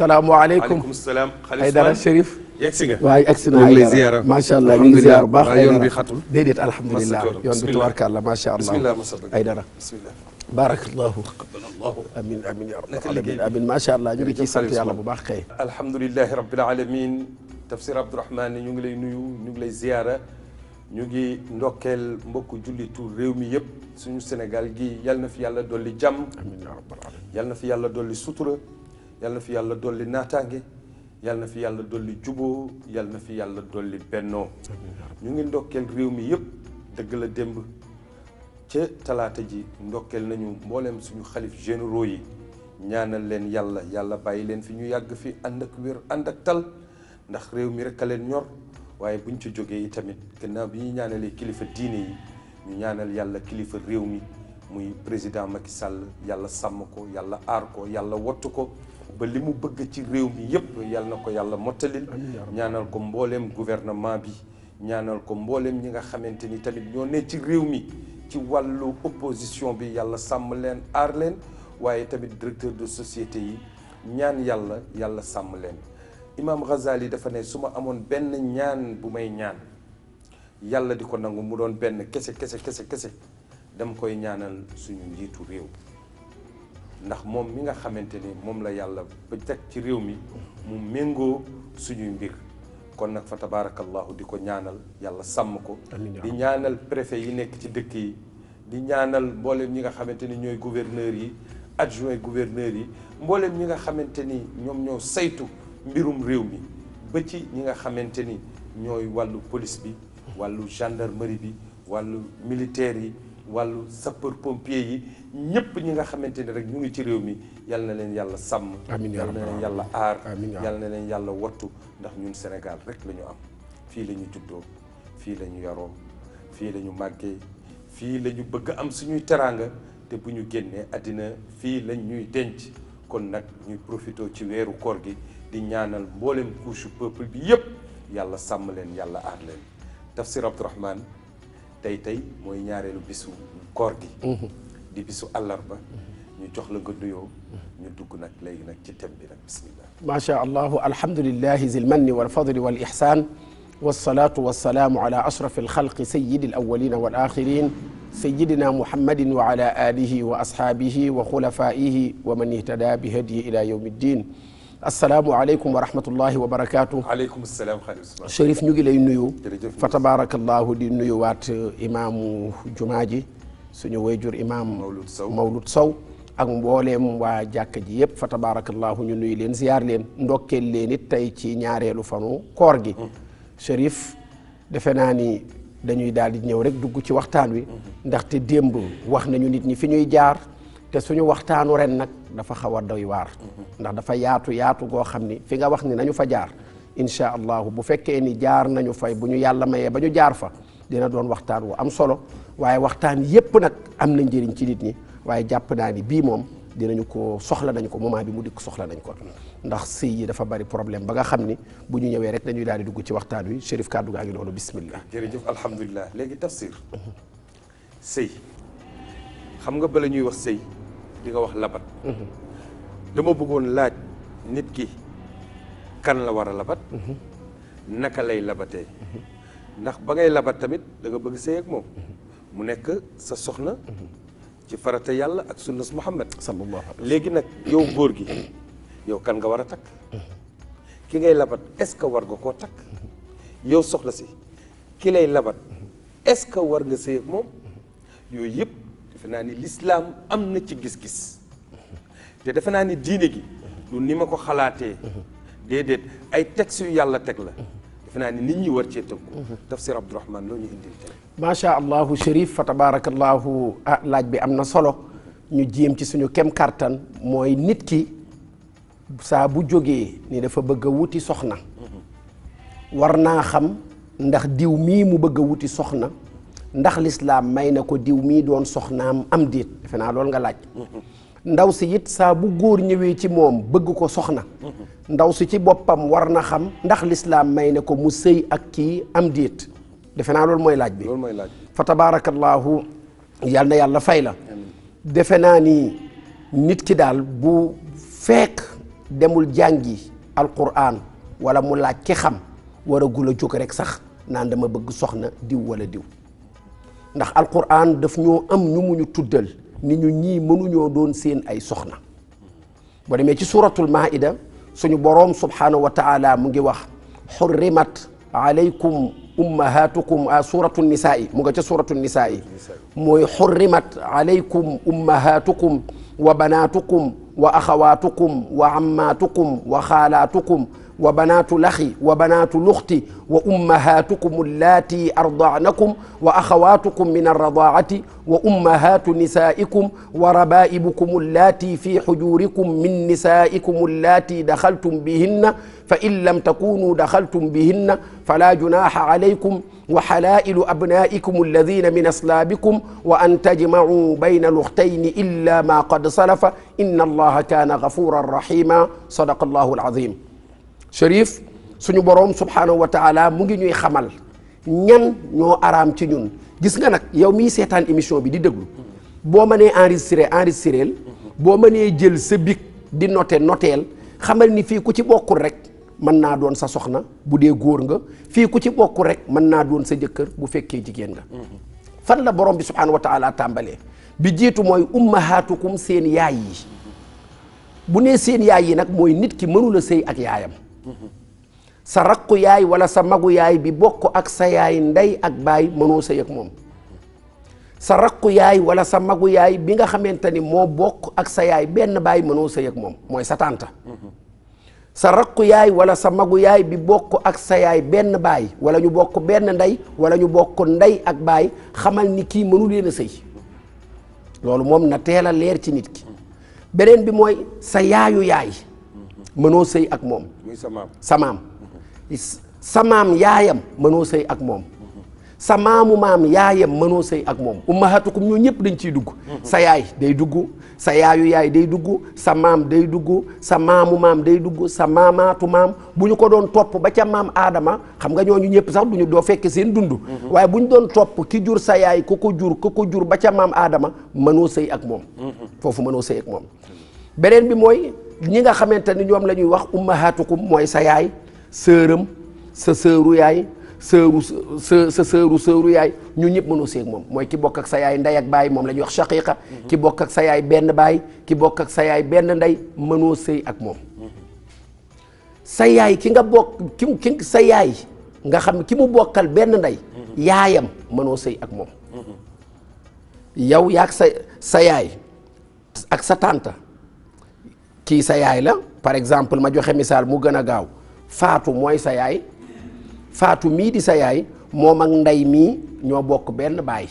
salaamualeykum Aydara Chérif. yegg si nga waaw yegg si naa Aydara macha allah ñu ngi ziar bu baax yoon bi xatul déedéet alhamdulilah yoon bi tubaarkàlla macha allah Aydara baarakallahu taqabbalallahu amin amin ya rabbal alamin amin macha allah ñu ngi ciy sant yàlla bu baax kay. alhamdulilahi rabbil alamin tafsir Abdourahmane ñu ngi lay nuyu ñu ngi lay ziara ñu ngi ndokkeel mbokku jullitu réew mi yëpp suñu Sénégal gi yal na fi yàlla dolli jàmm. amiin ya rabbal alamin yal na fi yàlla dolli sutura. yàlla na fi yàlla dolli naataange yàlla na fi yàlla dolli juboo yàlla na fi yàlla dolli bennoo ñu ngi ndokkeel réew mi yëpp dëgg la démb ca talaata ji ndokkeel nañu mboolem suñu xalif généraux yi ñaanal leen yàlla yàlla bàyyi leen fi ñu yàgg fi ànd ak wér ànd ak tal ndax réew mi rek a leen ñor waaye buñ ci jógee yi tamit gannaaw bi ñuy ñaanalee kilifa diine yi ñu ñaanal yàlla kilifa réew mi muy président Macky Sall yàlla sàmm ko yàlla aar ko yàlla wattu ko ba li mu bëgg ci réew mi yépp yal na ko yàlla mottalil ñaanal ko mbooleem gouvernement bi ñaanal ko mbooleem ñi nga xamante ni tamit ñoo ne ci réew mi ci wàllu opposition bi yàlla sàmm leen aar leen waaye tamit directeur de société yi ñaan yàlla yàlla sàmm leen Imam Ghazali dafa ne su ma amoon benn ñaan bu may ñaan yàlla di ko nangu mu doon benn kese kese kese kese dama koy ñaanal suñu njiitu réew ndax moom mi nga xamante ni moom la yàlla ba teg ci réew mi mu méngoo suñuy mbir kon nag fa tabaarakallahu di ko ñaanal yàlla sàmm ko di ñaanal préfet yi nekk ci dëkk yi di ñaanal mbooleem ñi nga xamante ni ñooy gouverneur yi adjoint gouverneur yi mbooleem ñi nga xamante ni ñoom ñoo saytu mbirum réew mi ba ci ñi nga xamante ni ñooy wàllu police bi wàllu gendarmerie bi wàllu militaire yi wàllu sapeur pompier yi ñëpp ñi nga xamante ni rek ñu ngi ci réew mi yal na leen yàlla sàmm. amiin yal na leen yàlla aar. yal na leen yàlla wattu ndax ñun Sénégal rek la ñu am fii la ñu juddoo fii lañu ñu yaroo fii la ñu màggee fii la ñu bëgg am suñuy teraanga te bu ñu génnee àddina fii lañ ñuy denc kon nag ñuy profité ci weeru koor gi di ñaanal mboolem couche peuple bi yëpp yàlla sàmm leen yàlla aar leen tafsir Abdourahmane tey tey mooy ñaareelu bisu koor gi mhm. di bisu àllarba ñu jox la nga nuyoo ñu dugg nag léegi nag ci thème bi nag bismillah macha allahu alhamdulilahi zil manni wal fadli wal ihsan wasalaatu wasalaamu ala ashraf alxalqi sayidi alawalina wal axirin sayidina muhammadin wa ala alihi wa ashaabihi wa xulafaihi wa man ihtada bi hadiyi ila yawmi ddin asalaamualeykum wa rahmatullahi wa barakaatu. waaleykum salaam ñu ngi lay nuyu. jërëjëf fa tabaarakallaahu di nuyu waat uh, imaamu jumaa ji suñu wayjur imaam. Mawlud Sow ak mbooleem waa jàkk ji yëpp fa tabaarakallaahu ñu nuyu leen ziyaar leen ndokkeel leen nit tey ci ñaareelu fanu koor gi. Mm-hmm. Chérif defe naa ni dañuy daal di ñëw rek dugg ci waxtaan wi. Mm-hmm. ndaxte démb wax nañu nit ñi fi ñuy jaar. te suñu waxtaanu ren nag dafa xaw a doy waar ndax dafa yaatu yaatu goo xam ni fi nga wax ni nañu fa jaar incha allahu bu fekkee ni jaar nañu fay bu ñu yàlla mayee ba ñu jaar fa dina doon waxtaan wu am solo waaye waxtaan yépp nag am na njëriñ ci nit ñi waaye jàpp naa ni bii moom dinañu ko soxla nañ ko moment bi mu dikk soxla nañ ko ndax sëy yi dafa bari problème ba nga xam ni bu ñu ñëwee rek dañuy daal di dugg ci waxtaan wi Chérif kàddu gaa ngi noonu jërëjëf alhamdulilah léegi tafsir xam nga bala ñuy wax sëy li nga wax labat dama bëggoon laaj nit ki kan la war a labat naka lay labatee ndax ba ngay labat tamit da nga bëgg sëy ak moom mu nekk sa soxna ci farata yàlla ak sunnas muhammad sallallahu léegi nag yow góor gi yow kan nga war a takk ki ngay labat est-ce que war nga koo takk yow soxna si ki lay labat est-ce que war nga sëy ak moom yooyu yëpp defe naa ni lislaam am na ci gis-gis te defe naa ni diine gi lu ni ma ko xalaatee déedéet ay textes yu yàlla teg la defe naa ni nit ñi war cee tënku tafsir Abdourahmane loo ñu indil tey macha allahu shérif fa tabarakallahu ah laaj bi am na solo ñu jéem ci suñu kem kàttan mooy nit ki saa bu jógee ni dafa bëgg wuti soxna war naa xam ndax diw mii mu bëgg wuti soxna ndax lislaam may na ko diw mii doon soxnaam am déet defe naa loolu nga laaj ndaw si it saa bu góor ñëwee ci moom bëgg ko soxna ndaw si ci boppam war na xam ndax lislaam may na ko mu sëy ak kii am déet defe naa lool mooy laaj bi mooy laaj fa tabaarakallaahu yal na yàlla fay la defe naa ni nit ki daal bu fekk demul jàngi alquran wala mu laaj ki xam war a gula jóg rek sax naan dama bëgg soxna diw wala diw ndax alquran daf ñoo am ñu mu ñu tuddal ni ñu ñii mënuñoo doon seen ay soxna boo demee ci suratul maida suñu boroom subhanahu wa mu ngi wax xurrimat alaykum ummahatukum a ah, suratu mu nga ca suratu nisaai mooy xurrimat alaykum ummahatukum wa banatukum wa axawatukum wa ammatukum wa xaalaatukum wa banaatu laxi wa banaatu luxti wa ummahaatukum allaati ardaanakum wa axawaatukum min alradaacati wa ummahaatu nisaa'ikum wa rabaa'ibukum allaati fi xujuurikum min nisaa'ikum allaati daxaltum bihinna fa in lam takuunuu daxaltum bihinna falaa junaaxa calaykum wa xalaa'ilu abnaa'ikum alladiina min aslaabikum wa an tajmacuu bayna luxtayni illaa maa qad salafa inna allaha kaana gafuuran raxiima sadaqa allahu alcaziim Chérif suñu borom subhaanahu wa taala mu ngi ñuy xamal ñan ñoo araam ci ñun gis nga nag yow miy seetaan émission bi di déglu boo mënee enregistré enregistreel boo mënee jël sa bic di noté noteel xamal ni fii ku ci bokkul rek mën naa doon sa soxna bu dee góor nga fii ku ci bokkul rek mën naa doon sa jëkkër bu fekkee jigéen nga fan la borom bi subhaanahu wa taala tàmbalee bi jiitu mooy ummahaatukum seen yaay yi bu nee seen yaay yi nag mooy nit ki mënula sëy ak yaayam sa rakku yaay wala sa magu yaay bi bokk ak sa yaay ndey ak baay mënoo sëy ak moom sa rakku yaay wala sa magu yaay bi nga xamante ni bokk ak sa yaay benn baay mënoo sëy ak moom mooy sa tànta sa rakku wala sa magu bi bokk ak sa benn baay wala ñu bokk benn ndey wala ñu bokk ndey ak baay xamal ni kii mënu leen a sëy loolu moom na teel a leer ci nit ki beneen bi mooy sa yaayu yaay mënoo sëy ak moom. muy samaam samaam. samaam yaayam mënoo sëy ak moom. sa maamu maam yaayam mënoo sëy ak moom ummahatukum ñoo ñëpp dañ ciy dugg sa yaay day dugg sa yaayu yaay day dugg sa maam day dugg sa maamu maam day dugg sa maamaatu maam bu ñu ko doon topp ba ca maam aadama xam nga ñooñu ñëpp sax du ñu doo fekke seen dund waaye bu ñu doon topp ki jur sa yaay ku ko jur ku ko jur ba ca maam aadama mënoo sëy ak moom mm-hmm. foofu mënoo sëy ak moom beneen bi mooy ñi nga xamante ni ñoom la ñuy wax ummahatukum mooy sa yaay sëram sa sëru yaay sëru sa sa sëru yaay ñu ñëpp mënoo seeg moom mooy ki bokk ak sa yaay ndey baay moom la ñuy wax shaqiqa ki bokk ak sa yaay benn baay ki bokk ak sa yaay benn ndey mënoo sëy ak moom sa yaay ki nga bokk ki ki sa yaay nga xam ki mu bokkal benn ndey yaayam mënoo sëy ak moom yow yaak sa sa yaay ak sa tànta ci sa yaay la par exemple ma joxe misaal mu gën a gaaw faatu mooy sa yaay faatu mii di sa yaay moom ak ndey mii ñoo bokk benn baay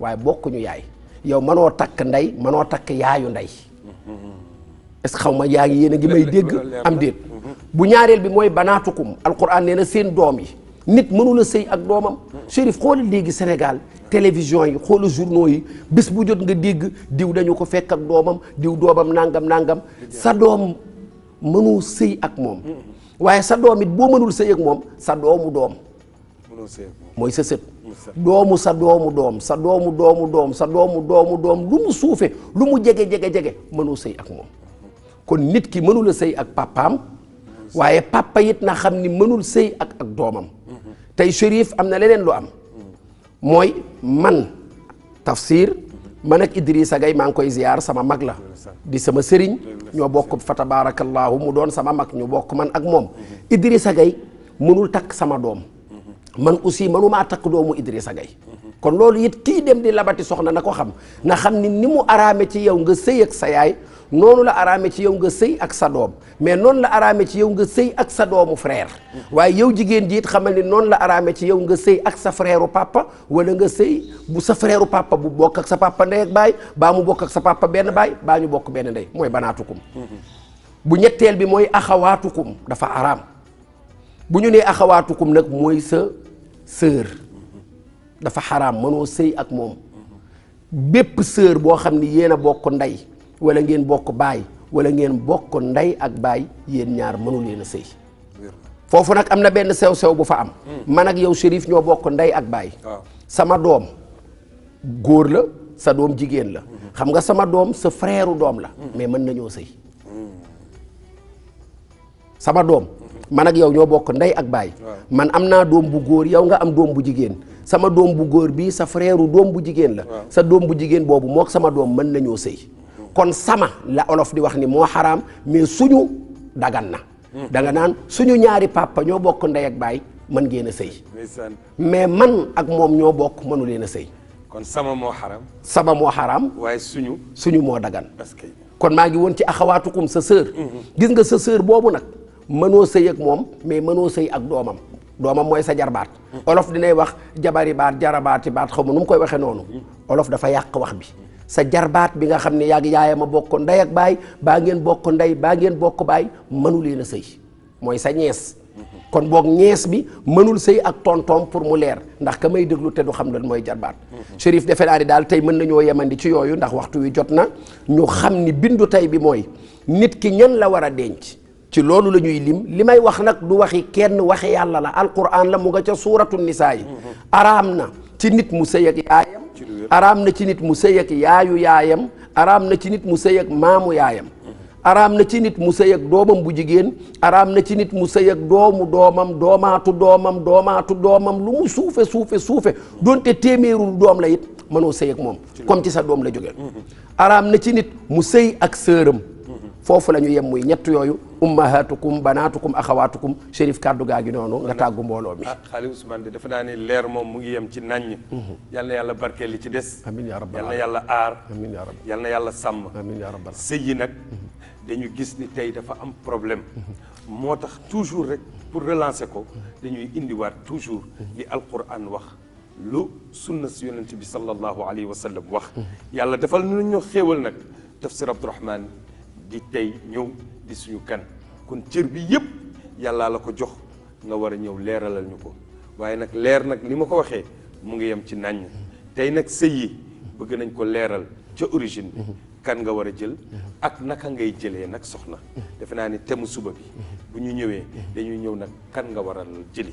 waaye bokkuñu yaay yow mënoo takk ndey mënoo takk yaayu ndey est que xaw ma yaa ngi yéen a ngi may dégg am déet bu ñaareel bi mooy banaatukum alquran nee na seen doom yi nit mënula sëy ak doomam Chérif xool léegi Sénégal télévision yi xoolal journaux yi bés bu jot nga dégg diw dañu ko fekk ak doomam diw doomam nàngam nàngam sa doom mënul sëy ak moom waaye sa doom boo mënul sëy ak moom sa doomu doom mooy sa sa doomu doom sa doomu doomu doom sa doomu doom suufe lu mu jege jege jege mënul sëy ak moom kon nit ki mënula sëy ak papaam waaye papa na xam ni mënul sëy ak ak doomam tey Chérif am na leneen lu am mooy man tafsir man ak Idrissa Gay maa ngi koy ziyaar sama mag la di sama sëriñ ñoo bokk fa tabaarakallaahu mu doon sama mag ñu bokk man ak moom Idrissa Gay mënul takk sama doom man aussi mënumaa takk doomu Idrissa Gay kon loolu it kii dem di labati soxna na ko xam na xam ni ni mu araame ci yow nga sëy ak sa yaay noonu la araame ci yow nga sëy ak sa doom mais noonu la araame ci yow nga sëy ak sa doomu frère waaye yow jigéen jiit xamal ni noonu la araame ci yow nga sëy ak sa frère u papa wala nga sëy bu sa frère u bu bokk ak sa papa ndey ak baay baa mu bokk ak sa papa benn baay baa ñu bokk benn ndey mooy banaatukum bu ñetteel bi mooy axawaatukum dafa araam bu ñu nee axawaatukum nag mooy sa sœur dafa xaraam mënoo sëy ak moom bépp sër boo xam ni yéen a bokk ndey wala ngeen bokk baay wala ngeen bokk ndey ak baay yéen ñaar mënu leen a sëy foofu nag am na benn sew-sew bu fa am hmm. man ak yow Chérif ñoo bokk ndey ak baay sama doom góor la sa doom jigéen la hmm. xam nga sama doom sa frère doom la hmm. mais mën nañoo sëy sama doom man yow ñoo bokk ndey ak baay man am naa doom bu góor yow nga am doom bu jigéen sama doom bu góor bii sa freeru doom bu jigéen la sa doom bu jigéen boobu mook sama doom mën nañoo sëy kon sama la olof di wax ni moo xaraam mais suñu dagan na hmm. da nga naan suñu ñaari papa ñoo bokk ndey ak mën ngeen a sëy mais man ak moom ñoo bokk mënu leen a sëy kon sama moo xaraam sama moo xaraam waaye suñu suñu moo dagan kon maa ngi woon ci axawaatukum sa sœur hmm. gis nga sa sœur boobu nag mënoo sëy ak moom mais mënoo sëy ak doomam doomam mooy sa jarbaat olof dinay wax jabari baat jarabaati baat xaw ma nu mu koy waxee noonu olof dafa yàq wax bi sa jarbaat bi nga xam ne yàgg yaayam a bokk ndey ak baay baa ngeen bokk ndey baa ngeen bokk baay mënu leen a sëy mooy sa ñees kon book ñees bi mënul sëy ak tontoom pour mu leer ndax ka may déglu te du xam lan mooy jarbaat Chérif defe naa daal tey mën nañoo yemandi ci yooyu ndax waxtu wi jot na ñu xam ni bindu tey bi mooy nit ki ñan la war a denc ci loolu la ñuy lim li may wax nag du waxi kenn waxi yàlla la alquran la mu nga ca suuratu nisaa yi araam na ci nit mu sëy ak yaayam araam na ci nit mu sëy ak yaayu yaayam araam na ci nit mu sëy ak maamu yaayam araam na ci nit mu sëy ak doomam bu jigéen araam na ci nit mu sëy ak doomu doomam doomaatu doomam doomaatu doomam lu mu suufe suufe suufe doonte téeméerul doom la it mënoo sëy ak moom comme ci sa doom la jógee araam na ci nit mu sëy ak sëram foofu la ñu yem muy ñett yooyu ummahatukum banatukum axawatukum shérif kàddu gaa gi noonu nga tàggu mbooloo mi xaali Ousmane de dafa naa leer moom mu ngi yem ci naññ mhm. yal na yàlla barkeel li ci des amiin yaa rabbal yal na yàlla aar amiin yaa yal na yàlla sàmm amiin yaa rabbal sëy yi nag mhm. dañu gis ni tey dafa am problème mhm. moo tax toujours rek pour relancer ko dañuy indiwaat toujours li alquran wax lu sunna si yonent bi sallallahu alayhi wa sallam wax yàlla defal nu ñu xéewal nag tafsir Abdourahmane di tey ñëw di suñu kan kon cër bi yëpp yàllaa la ko jox nga war a ñëw leeralal ñu ko waaye nag leer nag li ma ko waxee mu ngi yem ci naññ tey nag sëy bëgg nañ ko leeral ca origine bi kan nga war a jël ak naka ngay jëlee nag soxna defe naa ni temu suba bi bu ñu ñëwee dañuy ñëw nag kan nga waral a jëli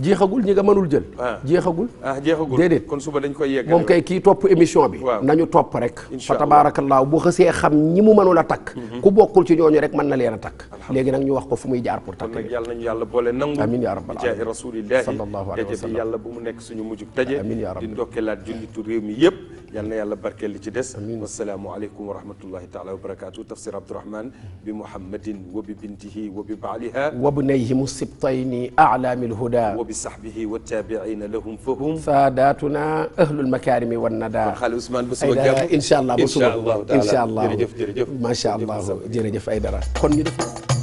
jeexagul ñi nga mënul jël. Ah. jeexagul. ah jeexagul déedéet kon suba dañ koy yegg moom kay kii topp émission bi. nañu topp rek. fa tabaarakallaahu bu xësee xam ñi mu mënul a takk. Mhm. ku bokkul ci ñooñu rek mën na leen a takk. léegi nag ñu wax ko fu muy jaar pour takk. kon nag yàlla nañu yàlla boole nangu. amiin yaa rabbal aalamiin jaahi rasuulillaahi. sallallahu alayhi wa sallam yàlla bu mu nekk suñu mujj daje. amiin yaa rabbal di réew mi yëpp yal na yàlla barkeel li ci des wasalaamualeykum wa rahmatullahi taala wa barakaatu tafsir abdourahman bi mouhammadin wa bi bintihi wa bi baaliha wa bnayhimu sibtayni alaami lhuda wa bi sahbihi wa taabiina lahum fahum saadaatuna ahlul makarimi wan nada xaali ousmane bu suba jàmm incha allah bu suba incha allah jërëjëf jërëjëf macha allah jërëjëf ay dara kon ñu def